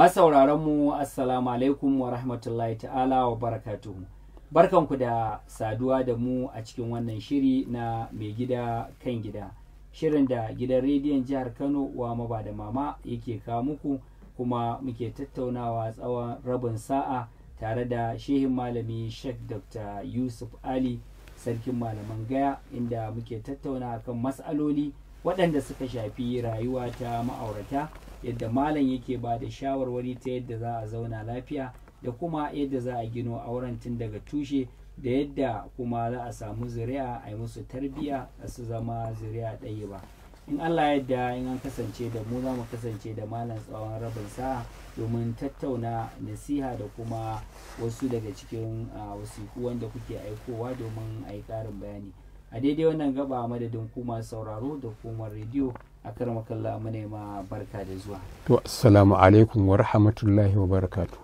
mu assalamu alaikum wa rahmatullahi ta'ala wa barakatuhu barkanku da saduwa da mu a cikin wannan shiri na mai gida kan gida shirin da gidan rediyon jihar kano wa maba da mama yake kawo muku kuma muke tattaunawa tsawon rabin sa'a tare da shehin malami sheikh dr yusuf ali sarkin malaman gaya inda muke tattauna kan mas'aloli, waɗanda suka shafi rayuwa ta ma'aurata yadda malam yake ba da shawarwari ta yadda za a zauna lafiya da kuma yadda za a gino auren tun daga tushe da yadda kuma za a samu zuri'a a yi musu tarbiyya a su zama zuri'a ɗaya ba in allah yadda in an kasance da mu za mu kasance da malam tsawon rabin sa'a domin tattauna nasiha da kuma wasu daga cikin wasiku wanda kuke aikowa domin a yi ƙarin bayani a daidai wannan gaba madadin ku sauraro da kuma rediyo a karmakalla mu ma barka da zuwa to assalamu alaikum wa rahmatullahi wa barakatu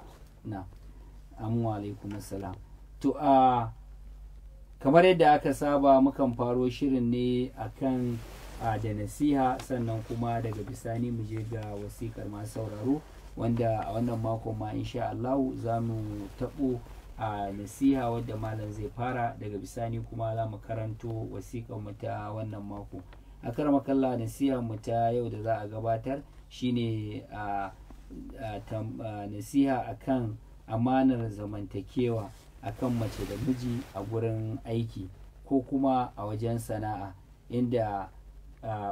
na amma alaikum assalam to a kamar yadda aka saba mukan faro shirin ne akan a da nasiha sannan kuma daga bisani mu je ga wasikar masu sauraro wanda a wannan makon ma insha Allah za mu taɓo a nasiha wadda malam zai fara daga bisani kuma za mu karanto wasiƙar mu ta wannan mako a karmakalla nasiha mu ta yau da za a gabatar shine a nasiha akan amanar zamantakewa akan mace da miji a gurin aiki ko kuma a wajen sana'a inda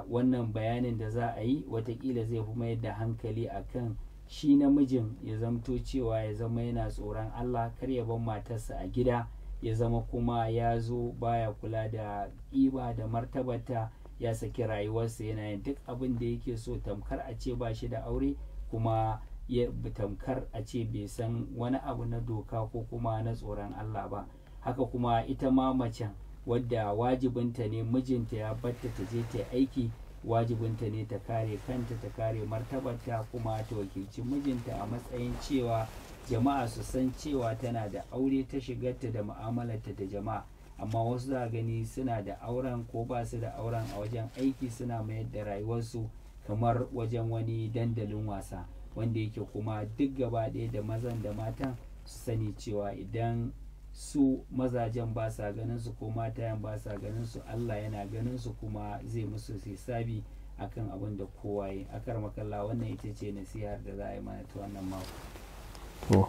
wannan bayanin da za a yi watakila zai fi mayar da hankali akan shi namijin ya zamto cewa ya zama yana tsoron Allah kar ya bar matarsa a gida ya zama kuma ya zo baya kula da ƙiba da martabata ya saki rayuwarsa yana yin duk abin da yake so tamkar a ce ba shi da aure kuma ya tamkar a ce bai san wani abu na doka ko kuma na tsoron Allah ba haka kuma ita ma macen wadda wajibinta ne mijinta ya batta ta je ta aiki wajibinta ne ta kare kanta ta kare martabarta kuma ta wakilci mijinta a matsayin cewa jama'a su san cewa tana da aure ta shigarta da mu'amalarta da jama'a amma wasu za gani suna da auren ko ba su da auren a wajen aiki suna mayar da rayuwarsu kamar wajen wani dandalin wasa wanda yake kuma duk gaba ɗaya da mazan da matan su sani cewa idan su mazajen ba sa ganin su ko matayen ba sa ganin su Allah yana ganin su kuma zai musu hisabi akan abin da kowa yi akar makalla wannan ita ce nasihar da za a yi mana ta wannan mako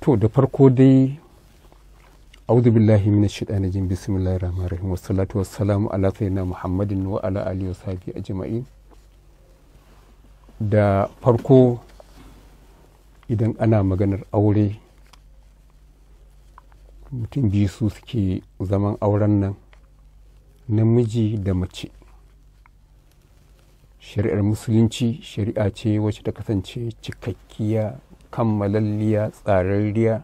to da farko dai audu billahi min shaitani jin bismillahir rahmanir rahim wassalatu wassalamu ala sayyidina muhammadin wa ala alihi wa sahbihi ajma'in da farko idan ana maganar aure mutum biyu su suke zaman auren nan namiji da mace shari'ar musulunci shari'a ce wacce ta kasance cikakkiya kammalalliya tsararriya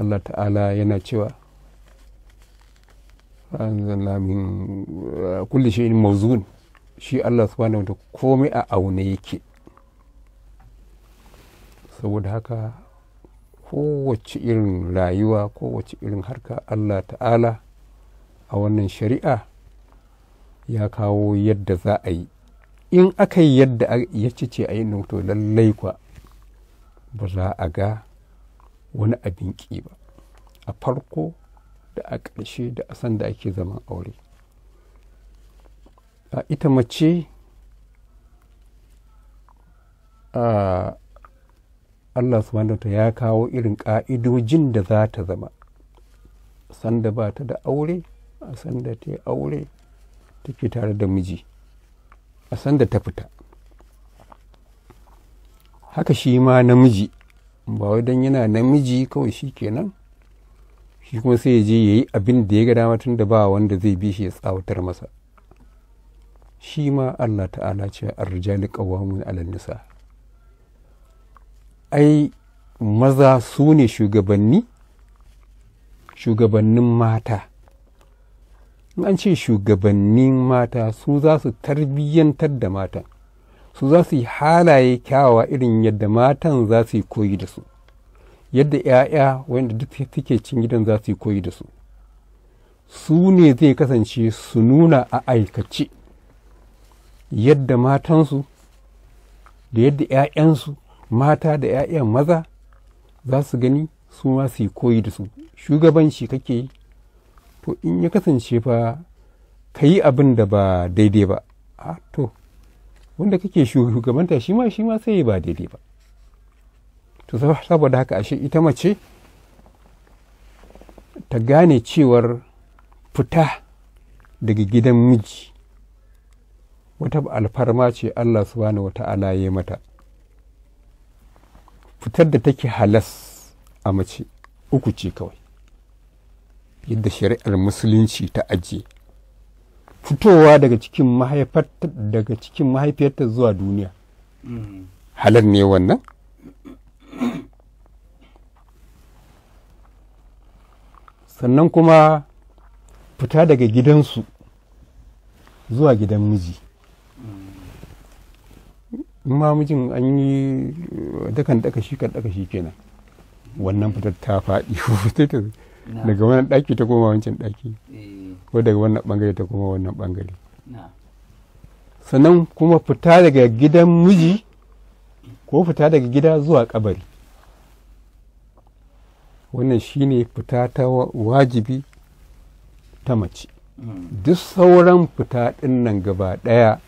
allah ta'ala yana cewa shi shi'in mawzun shi allah subhanahu wa komai a aune yake saboda haka kowace irin rayuwa kowace irin harka allah ta'ala a wannan shari'a ya kawo yadda za a yi in aka yi yadda ya ce a yi to lallai kwa ba za a ga wani abin ƙi ba a farko da a ƙarshe da a san da ake zaman aure a ita mace a Allah subhanahu ya kawo irin ƙa'idojin da za ta zama sanda ba ta da aure a sanda ta yi aure take tare da miji a sanda ta fita haka shi ma namiji ba wai don yana namiji kawai shi kenan shi kuma sai ya je ya yi abin da ya ga dama tun da ba wanda zai bi shi ya tsawatar masa shi ma Allah ta'ala ce arjali qawwamun 'alan nisa' ai maza su ne shugabanni shugabannin mata in an ce shugabannin mata su za su tarbiyyantar da mata su za su yi halaye kyawawa irin yadda matan za su yi koyi da su yadda 'ya'ya wanda duk suke cin gidan za su yi koyi da su su ne zai kasance su nuna a aikace yadda matansu da yadda 'ya'yansu mata da 'ya'yan maza za su gani su ma su yi koyi da su shugabanci kake yi to in ya kasance fa ka yi abin da ba daidai ba a to wanda kake shugabanta shi ma shi ma sai ba daidai ba to saboda haka ashe ita mace ta gane cewar fita daga gidan miji wata alfarma ce Allah subhanahu ta'ala ya mata fitar da take halas a mace uku ce kawai yadda shari'ar musulunci ta ajiye fitowa daga cikin daga cikin mahaifiyarta zuwa duniya halar ne wannan sannan kuma fita daga gidansu zuwa gidan miji ma mijin an yi eh, dakan daka shi kan daka shi kenan wannan fitar ta faɗi daga wannan ɗaki ta koma wancan ɗaki eh. ko daga wannan ɓangare ta koma wannan ɓangare sannan kuma fita daga gidan miji ko fita daga gida zuwa kabari wannan shine fita ta wajibi ta mace mm. duk sauran fita ɗin nan gaba ɗaya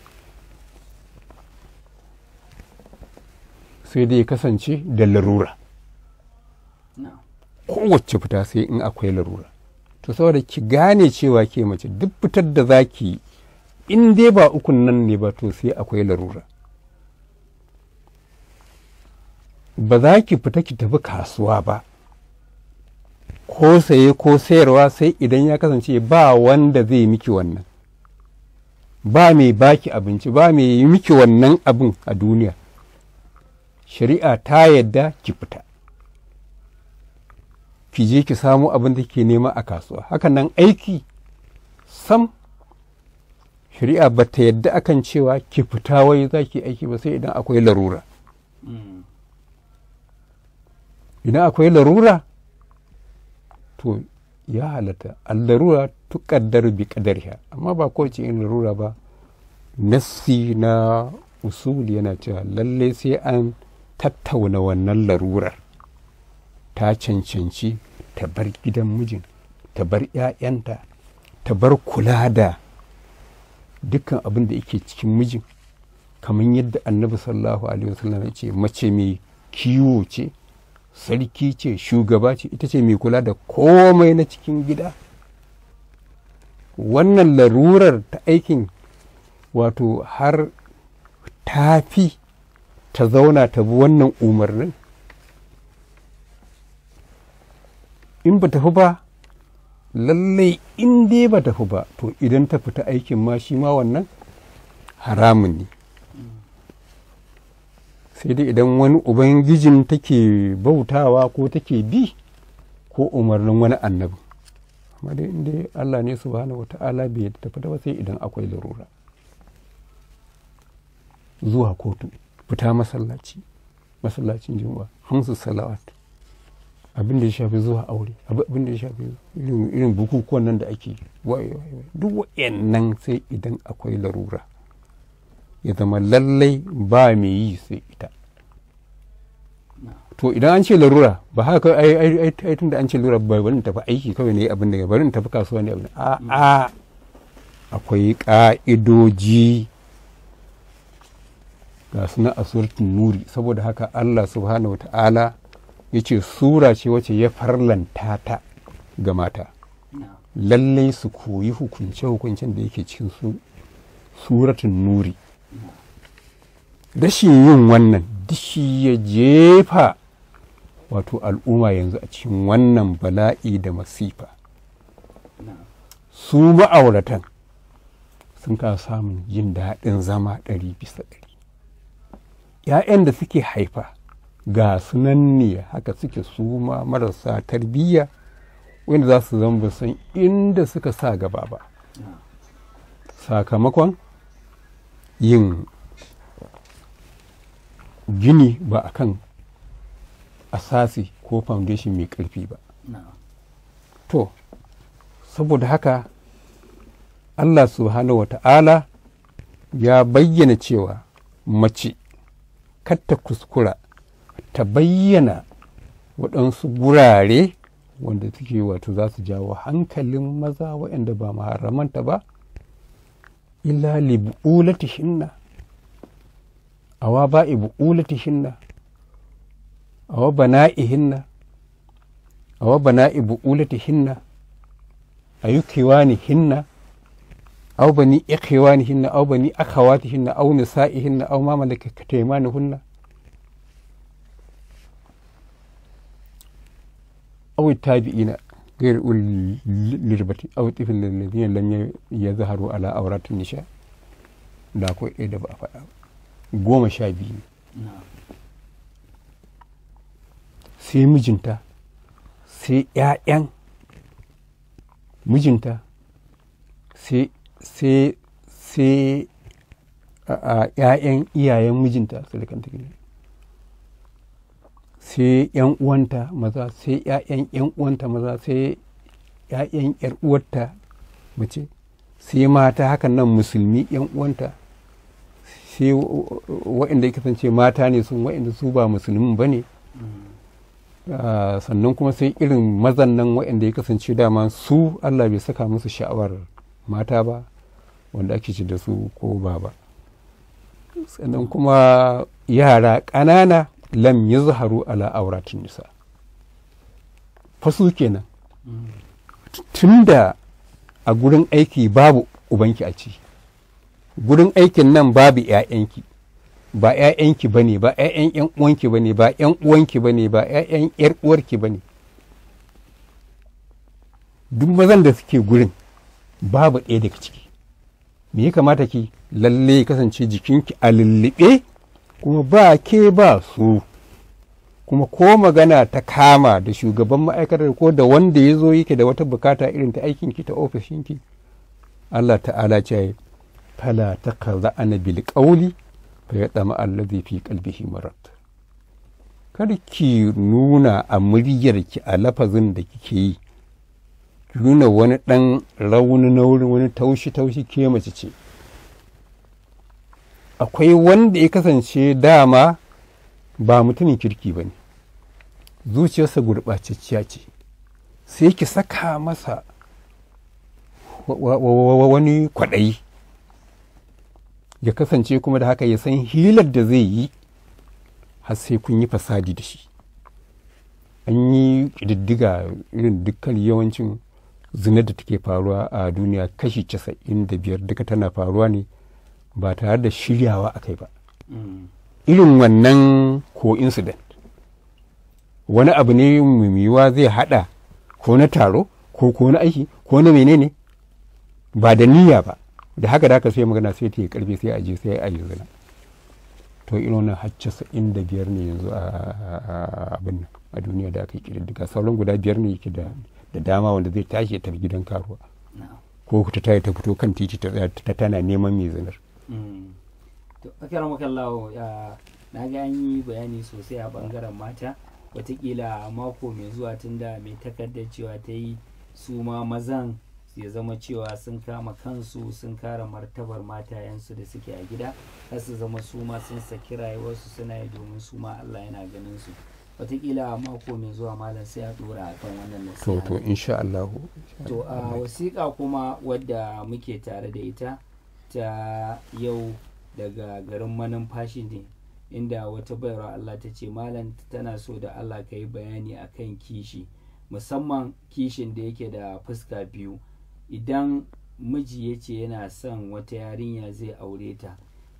sai dai ya kasance da larura kowace fita sai in akwai larura to saboda ki gane cewa ke mace duk fitar da za ki in dai ba ukun nan ne ba to sai akwai larura ba za ki fita ki tafi kasuwa ba ko saye ko sayarwa sai idan ya kasance ba wanda zai miki wannan ba mai baki abinci ba mai miki wannan abin a duniya shari'a ta yadda ki fita ki je ki samu abin da ke nema a kasuwa hakan nan aiki sam shari'a ba ta yadda akan cewa ki fita wai za ki aiki ba sai idan akwai larura idan akwai larura to ya halatta allarura tuƙaddar bi ƙadariya amma ba kowace yin larura ba nassi na usul yana cewa lallai sai an tattauna wannan larurar ta cancanci ta bar gidan mijin ta bar 'ya'yanta ta bar kula da dukkan abin da yake cikin mijin kamar yadda annabi sallallahu alaihi wasallam ya ce mace mai kiwo ce sarki ce shugaba ce ita ce mai kula da komai na cikin gida wannan larurar ta aikin wato har tafi ta zauna ta bi wannan umarnin in ba tafi ba lallai in dai ba tafi ba to idan ta fita aikin ma shi ma wannan haramun ne sai dai idan wani ubangijin take bautawa ko take bi ko umarnin wani annabi amma dai inda Allah ne su wa ta'ala bai tafi da ba sai idan akwai larura zuwa kotu fita masallaci masallacin juma'a hamsu salawat abin da ya shafi zuwa aure abin da ya shafi irin bukukuwan nan da ake duk wa'annan sai idan akwai larura ya zama lallai ba mai yi sai ita to idan an ce larura ba haka ai ai tunda an ce larura bai barin tafi aiki kawai ne abin da ya barin tafi kasuwa ne abin a a akwai ka'idoji ga suna a suratun nuri saboda haka Allah subhanahu wa ta'ala ya ce sura ce wacce ya farlanta ta ga mata lallai su koyi hukunce-hukuncen da yake cikin su suratun nuri rashin yin wannan dishi ya jefa wato al'umma yanzu a cikin wannan bala'i da masifa su ma'auratan sun ka samun jin daɗin zama ɗari bisa ɗari 'ya'yan da suke haifa ga sunan ne haka suke suma marasa tarbiyya wanda za su zama san inda suka sa gaba ba sakamakon yin gini ba a kan asasi ko foundation mai ƙarfi ba to saboda haka allah subhanahu wa ta'ala ya bayyana cewa mace katta kuskura ta bayyana waɗansu gurare wanda suke wato za su jawo hankalin maza waɗanda ba maharamanta ba illa li shinna awa ba'i shinna awa hinna. awa bana'i bu'ulatihinna ayukiwanihinna hinna aw bani hinna aw bani hinna aw hinna aw ma malakat hunna aw tabi'ina ghayr ul lirbati aw tifil الذين lam يظهروا ala عورات nisa da ko ɗaya da ba a faɗa goma sha biyu sai mijinta sai ‘ya'yan mijinta sai sai sai a ‘ya'yan iyayen mijinta surukanta kenan sai ‘yan uwanta maza sai ‘ya'yan ‘yan uwanta maza sai ‘ya'yan ‘yar uwarta mace sai mata hakan nan musulmi ‘yan uwanta sai waɗanda ya kasance mata ne sun waɗanda su ba musulmin ba ne mm. sannan kuma sai irin mazan nan waɗanda ya kasance dama su allah bai saka musu sha'awar mata ba wanda ake ci da su ko baba sannan kuma yara ƙanana lam ya zaharu ala auratun nisa fasu kenan tun da a gurin aiki babu ubanki a ci gurin aikin nan babu 'ya'yanki ba 'ya'yanki bane ba 'ya'yan 'yan uwanki bane ba 'yan uwanki bane ba 'ya'yan 'yar uwarki bane duk mazan da suke gurin babu ɗaya daga ciki me ya kamata ki lalle kasance jikinki a lullube kuma ba ke ba su kuma ko magana ta kama da shugaban ma'aikatar ko da wanda ya zo yake da wata bukata irin ta aikinki ta ofishinki Allah ta'ala ce fala ta kaza ana bil kauli fa ya tsama allazi fi qalbihi marad kar ki nuna a muryarki a lafazin da kike yi nuna wani ɗan rauni na wurin wani taushi-taushi ke mace ce akwai wanda ya kasance dama ba mutumin kirki ba ne zuciyarsa gurɓacacciya ce sai ki saka masa wani kwaɗayi ya kasance kuma da haka ya san hilar da zai yi har sai kun yi fasadi da shi an yi ƙididdiga irin dukkan yawancin zinar da take faruwa a duniya kashi casa'in da biyar duka tana faruwa ne ba tare da shiryawa a kai ba mm. irin wannan ko incident wani abu ne mimiwa zai hada ko na taro ko ko na aiki ko na menene ba da niyya ba da haka da haka sai magana sai ta yi karfi sai a je sai a yi zina to irin wannan har casa'in da biyar ne yanzu a abin a duniya da aka yi sauran guda biyar ne yake da da dama wanda zai tashi ya tafi gidan karuwa ko ta tare ta fito kan titi ta tana neman mai zinar. Mm. na ga an yi bayani sosai a bangaren mata watakila mako mai zuwa tunda mai takardar cewa ta yi su ma mazan ya zama cewa sun kama kansu sun kara martabar matayensu da suke a gida har su zama su ma sun saki rayuwarsu suna yi domin su ma Allah yana ganin su watakila mako mai zuwa malam sai a dora a kan wannan nasiha to insha Allah to a wasiƙa kuma wadda muke tare da ita ta yau daga garin manumfashi ne inda wata bayarwa Allah ta ce malam tana so da Allah ka yi bayani a kan kishi musamman kishin da yake da fuska biyu idan miji ya ce yana son wata yarinya zai aure ta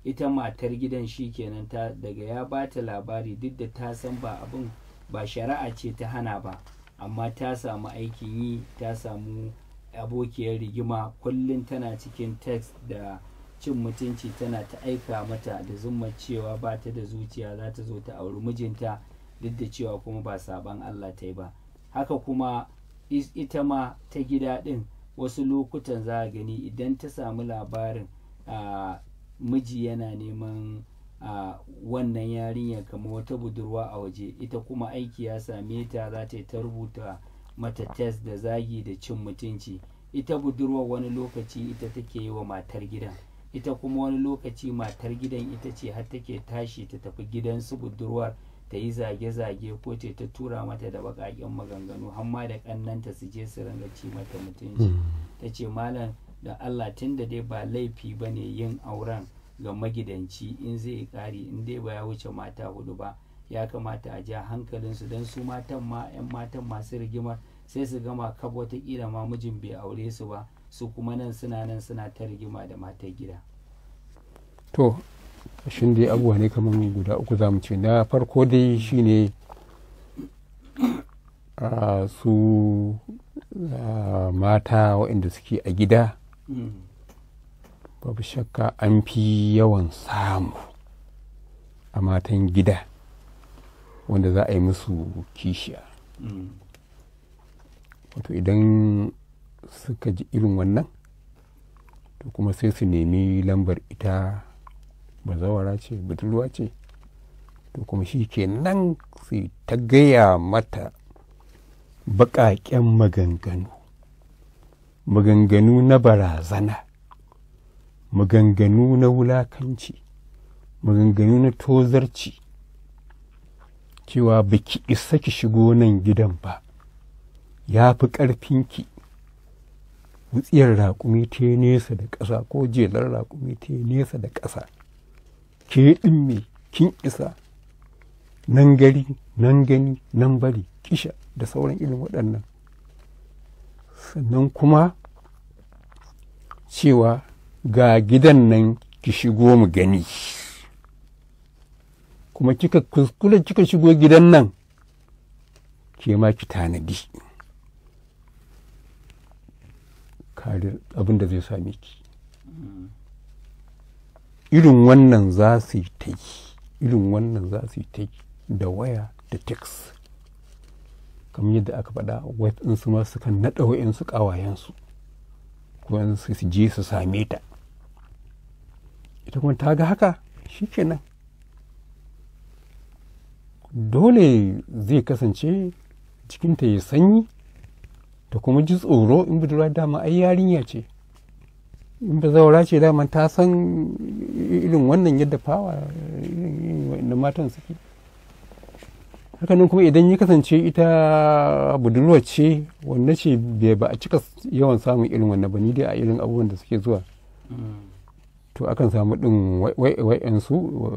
ita matar gidan shi kenan ta daga ya ba ta labari duk da ta san ba abin ba shari'a ce ta hana ba amma ta samu aikin yi ta samu abokiyar rigima kullum tana cikin text da cin mutunci tana ta aika mata da zuma cewa ba ta da zuciya za ta zo ta auri mijinta duk da cewa kuma ba sabon Allah ta yi ba haka kuma ita ma ta gida din wasu lokutan za a gani idan ta samu labarin ah, miji yana neman a wannan yarinya kamar wata budurwa a waje ita kuma aiki ya same ta za ta yi ta rubuta mata test da zagi da cin mutunci ita budurwa wani lokaci ita take yi wa matar gidan ita kuma wani lokaci matar gidan ita ce har take tashi ta tafi gidan su budurwar ta yi zage-zage ko ce ta tura mata da baƙaƙen maganganu har ma da ƙannanta su je su ringa ci mata mutunci hmm. ta ce malam da Allah tun da dai ba laifi ba ne yin auren ga magidanci in zai ƙari in dai ba ya wuce mata hudu ba ya kamata a ja hankalinsu don su matan ma 'yan matan masu rigimar sai su gama kaf watakila ma mijin bai aure su ba su kuma nan suna nan suna ta rigima da mata gida to shin dai abuwa ne kamar guda uku za mu ce na farko dai shi a ah, su ah, mata waɗanda suke a gida babu shakka an fi yawan samu a matan gida wanda za a yi musu kishiya wato idan suka ji irin wannan to kuma sai su nemi lambar ita bazawara ce budurwa ce to kuma shi ke nan su ta gaya mata baƙaƙen maganganu maganganu na barazana maganganu na wulakanci maganganu na tozarci cewa baki isa ki shigo nan gidan ba ya fi ƙarfinki wutsiyar raƙumi ta nesa da ƙasa ko jelar raƙumi ta nesa da ƙasa ke ɗin me kin isa nan gari nan gani nan bari kisha da sauran irin waɗannan sannan kuma cewa ga gidan nan ki shigo mu gani kuma kika kuskure kika shigo gidan nan ke ma ki tanadi kare abin da zai same ki irin wannan za su yi ta yi irin wannan za su yi ta yi da waya da text kamar yadda aka faɗa su ma sukan naɗa wa'yansu ƙawayensu kuma su je su same ta ita kuma ta ga haka shi kenan dole zai kasance cikinta ya sanyi ta kuma ji tsoro in budurwa dama ai yarinya ce in ba zaura ce dama ta san irin wannan yadda fawa irin matan suke hakanan kuma idan ya kasance ita budurwa ce wanda ce bai ba a cika yawan samun irin wannan ba ni dai a irin abubuwan da suke zuwa to akan samu ɗin wa'yansu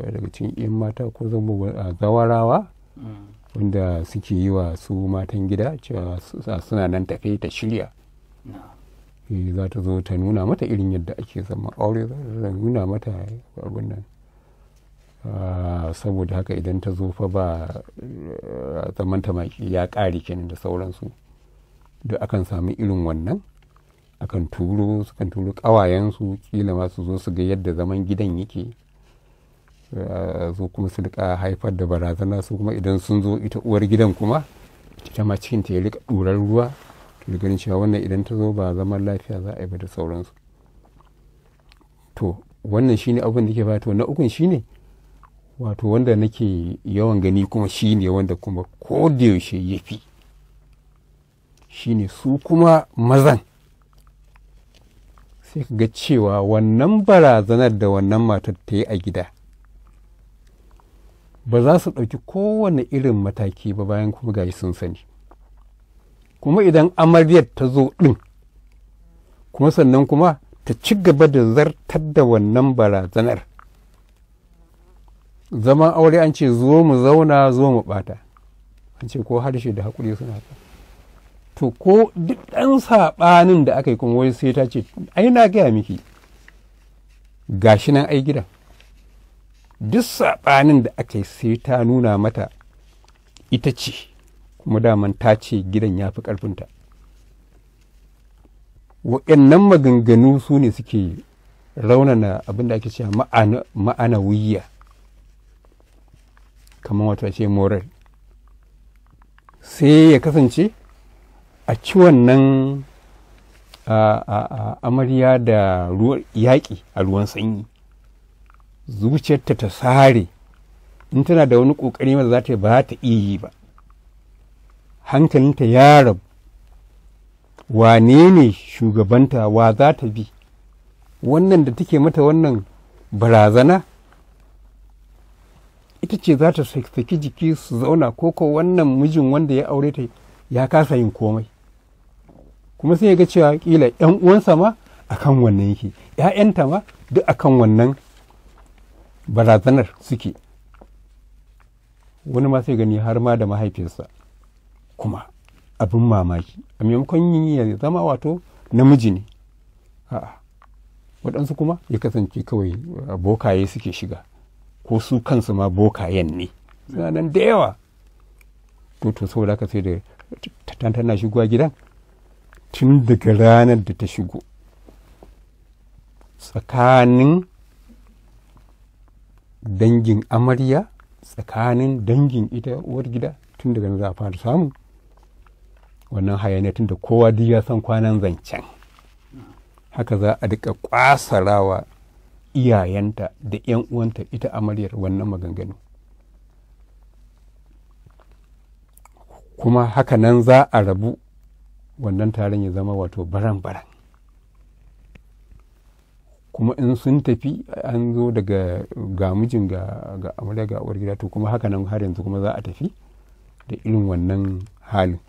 daga cikin 'yan mata ko zama zawarawa wanda suke yi wa su matan gida cewa suna nan tafe ta shirya eh, za ta zo ta nuna mata irin yadda ake zama aure za ta nuna mata abin nan Ah, saboda haka idan ta zo fa ba ah, zaman tamaki ya ƙare kenan da sauransu da akan sami irin wannan akan turo sukan turo ƙawayensu kila masu su zo su ga yadda zaman gidan yake zo ah, kuma su rika haifar da barazana su kuma idan sun zo ita uwar gidan kuma ita ma cikin ta ya rika ɗurar ruwa to ganin cewa wannan idan ta zo ba zaman lafiya za a yi ba da sauransu to wannan shine abin da ke fata na ukun shine ne wato wanda nake yawan gani kuma shi ne wanda kuma ko da yaushe ya fi shi ne su kuma mazan sai ka ga cewa wannan barazanar da wannan matar ta yi a gida ba za su ɗauki kowane irin mataki ba bayan kuma gaji sun sani kuma idan amaryar ta zo ɗin kuma sannan kuma ta ci gaba da zartar da wannan barazanar zaman aure an ce zo mu zauna zo mu bata an ce ko harshe da hakuri suna ta to ko duk ɗan saɓanin da aka yi kuma wai sai ta ce ai na gaya miki gashi nan ai gida duk saɓanin da aka yi sai ta nuna mata ita ce kuma daman ta ce gidan ya fi ƙarfinta waɗannan maganganu su ne suke raunana abin da ake cewa ma'ana wuyya kamar wato ce moral sai ya kasance a ci wannan amarya da yaƙi a ruwan sanyi zuciyarta ta sare in tana da wani ƙoƙari wanda za ta ba ta iya yi ba hankalinta ya rabu wane ne shugabanta wa za ta bi wannan da take mata wannan barazana ita ce za ta saki jiki su zauna ko ko wannan mijin wanda ya aure ta ya kasa yin komai kuma sai ya ga cewa kila yan uwansa ma akan wannan yake ‘ya'yanta ma duk akan wannan barazanar suke wani ma sai gani har ma da mahaifinsa kuma abin mamaki a maimakon yin ya zama wato namiji ne a'a waɗansu kuma ya kasance kawai bokaye suke shiga ko su kansu ma bokayen ne suna nan da yawa to to saboda haka sai da tattan tana shigowa gidan tun daga ranar da ta shigo tsakanin dangin amarya tsakanin dangin ita uwar gida tun daga za a fara samu wannan hayaniya tun da kowa duk ya san kwanan zancen haka za a duka kwasarawa iyayenta da 'yan uwanta ita amaryar wannan maganganu kuma haka nan za a rabu wannan taron ya zama wato baran-baran kuma in sun tafi an zo daga gamijin mijin ga amarya ga uwar gida to kuma haka nan har yanzu kuma za a tafi da irin wannan halin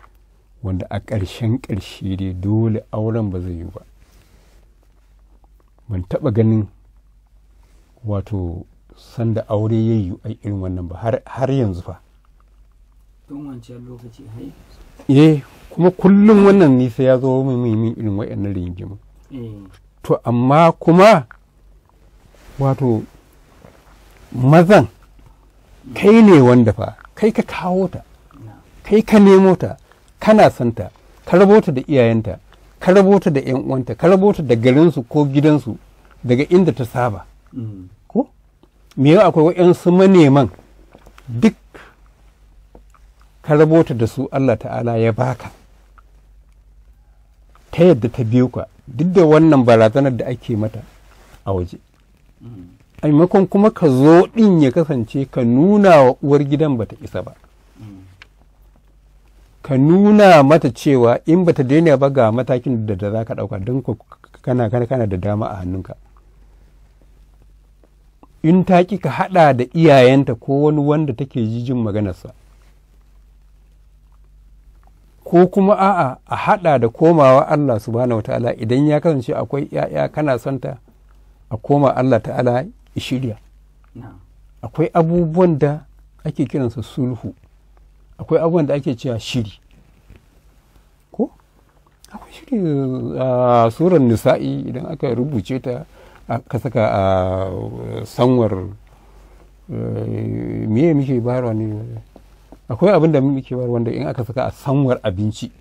wanda a ƙarshen ƙarshe dai dole auren ba zai yi ba ban taɓa ganin wato sanda aure ya yi a irin wannan ba har yanzu fa eh kuma kullum wannan nisa ya zo min min irin wa'annan rigima eh. to amma kuma wato mazan kai ne wanda fa kai ka kawo ta kai ka nemo ta kana santa ka rabota da iyayenta ka rabota da 'yan uwanta ka rabota da garinsu ko gidansu daga inda ta saba ko me yau akwai waɗansu maneman duk ka rabota da su Allah ta'ala ya baka ta yadda ta biyu ka duk da wannan barazanar da ake mata a waje a maimakon kuma ka zo ɗin ya kasance ka nuna wa uwar gidan bata isa ba ka nuna mata cewa in bata daina ba ga matakin da za ka ɗauka don kana kana da dama a hannunka in ta ki ka haɗa da iyayenta ko wani wanda take jijin maganarsa ko kuma a'a a haɗa da komawa Allah subhanahu wata'ala idan ya kasance akwai ‘ya'ya kana santa a koma Allah ta'ala shirya akwai abubuwan da ake kiransa sulhu akwai abubuwan da ake cewa shiri ko akwai shiri a ah, surar nisa'i idan aka rubuce ta ka saka a eh, sanwar eh, miye muke bayarwa ne akwai abin da muke bayarwa wanda in aka saka a sanwar abinci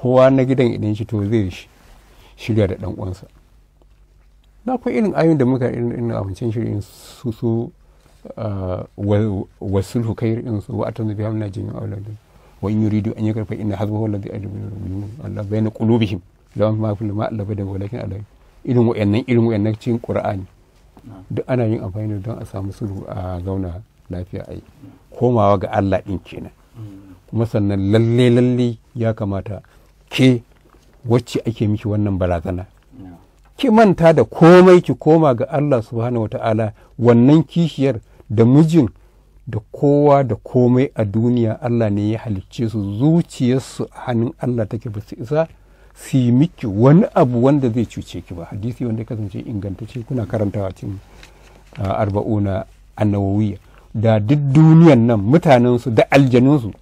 kowa na gidan idan shi to zai shirya da ɗan'uwansa na kuma irin ayyun da muka irin abincin shirin su su eh, wasu kai irin su wa'ata zubi bihamna na jin auladu wa in yuridu an yi yakarfa inna hasbahu alladhi ajaba Allah bayna qulubihim lawan ma fi ma Allah bada walakin alayhi irin wayannan irin wayannan cikin qur'ani duk ana yin amfani da don a samu sulhu a zauna lafiya ai komawa ga Allah din kenan mm. kuma sannan lalle lalle ya kamata ke wacce ake miki wannan barazana ki manta da komai ki koma ga Allah subhanahu wata'ala wannan kishiyar da mijin da kowa da komai a duniya Allah ne ya halicce su zuciyarsu a hannun Allah take ba su isa su yi miki wani abu wanda zai cuce ki ba hadisi wanda ya kasance ingantacce kuna karantawa cin ah, arba'una annawawiyya da duk duniyan nan mutanensu da aljanunsu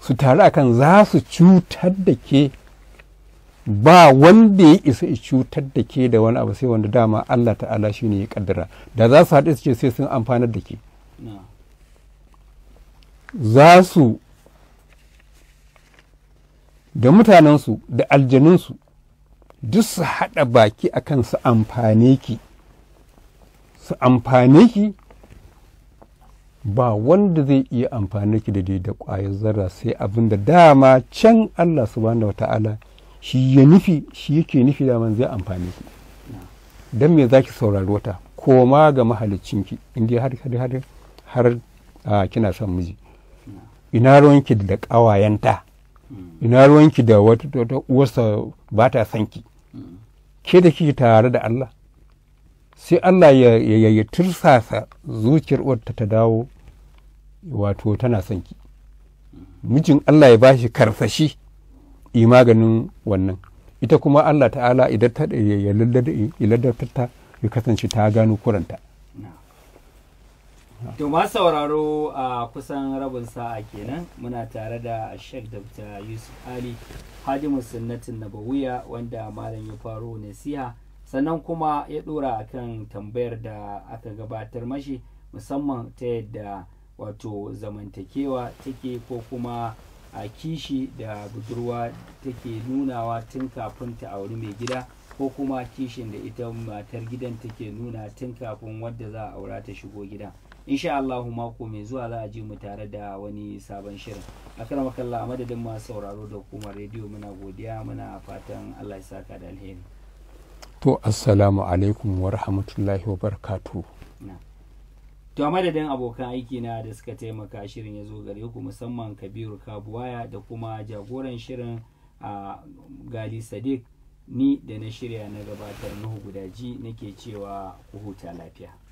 su taru akan za su cutar da ke ba wanda ya isa cutar da ke da wani abu sai wanda dama Allah ta'ala shi ne ya kaddara da za su haɗu su ce sai sun amfanar da ke za su da mutanensu da aljanunsu duk su haɗa baki a kan su amfane ki su amfane ki ba wanda zai iya amfane ki da dai da ƙwayar zarra sai abin da dama can Allah subhanahu wata'ala shi ya nufi shi yake nufi daman zai amfane ki don me za ki saurari wata koma ga mahalicinki inda har har har kina son miji ina ruwanki da ƙawayenta ina ruwanki da wata uwarsa ba ta san ki ke da kike tare da Allah sai Allah ya tursasa zuciyar wata ta dawo wato tana san ki mijin Allah ya bashi karsashi i maganin wannan ita kuma Allah ta'ala idan ta ya ladabta ya kasance ta gano kuranta To masu sauraro a kusan rabin sa'a kenan muna tare da Sheikh Dr. Yusuf Ali Hadimu Sunnatin Nabawiya wanda malam ya faro nasiha sannan kuma ya dora akan tambayar da aka gabatar mashi musamman ta yadda wato zamantakewa take ko kuma a kishi da budurwa take nunawa tun kafin ta auri mai gida ko kuma kishin da ita matar gidan take nuna tun kafin wadda za a aura ta shigo gida. insha Allahu mako mai zuwa za a ji mu tare da wani sabon shirin akrama kallah a madadin masu sauraro da kuma rediyo muna godiya muna fatan Allah ya saka da alheri to assalamu alaikum wa rahmatullahi wa barakatuh to a madadin abokan aiki na da suka taimaka shirin ya zo gare ku musamman kabiru kabuwaya da kuma jagoran shirin a gali sadiq ni da na shirya na gabatar nuhu ji nake cewa ku huta lafiya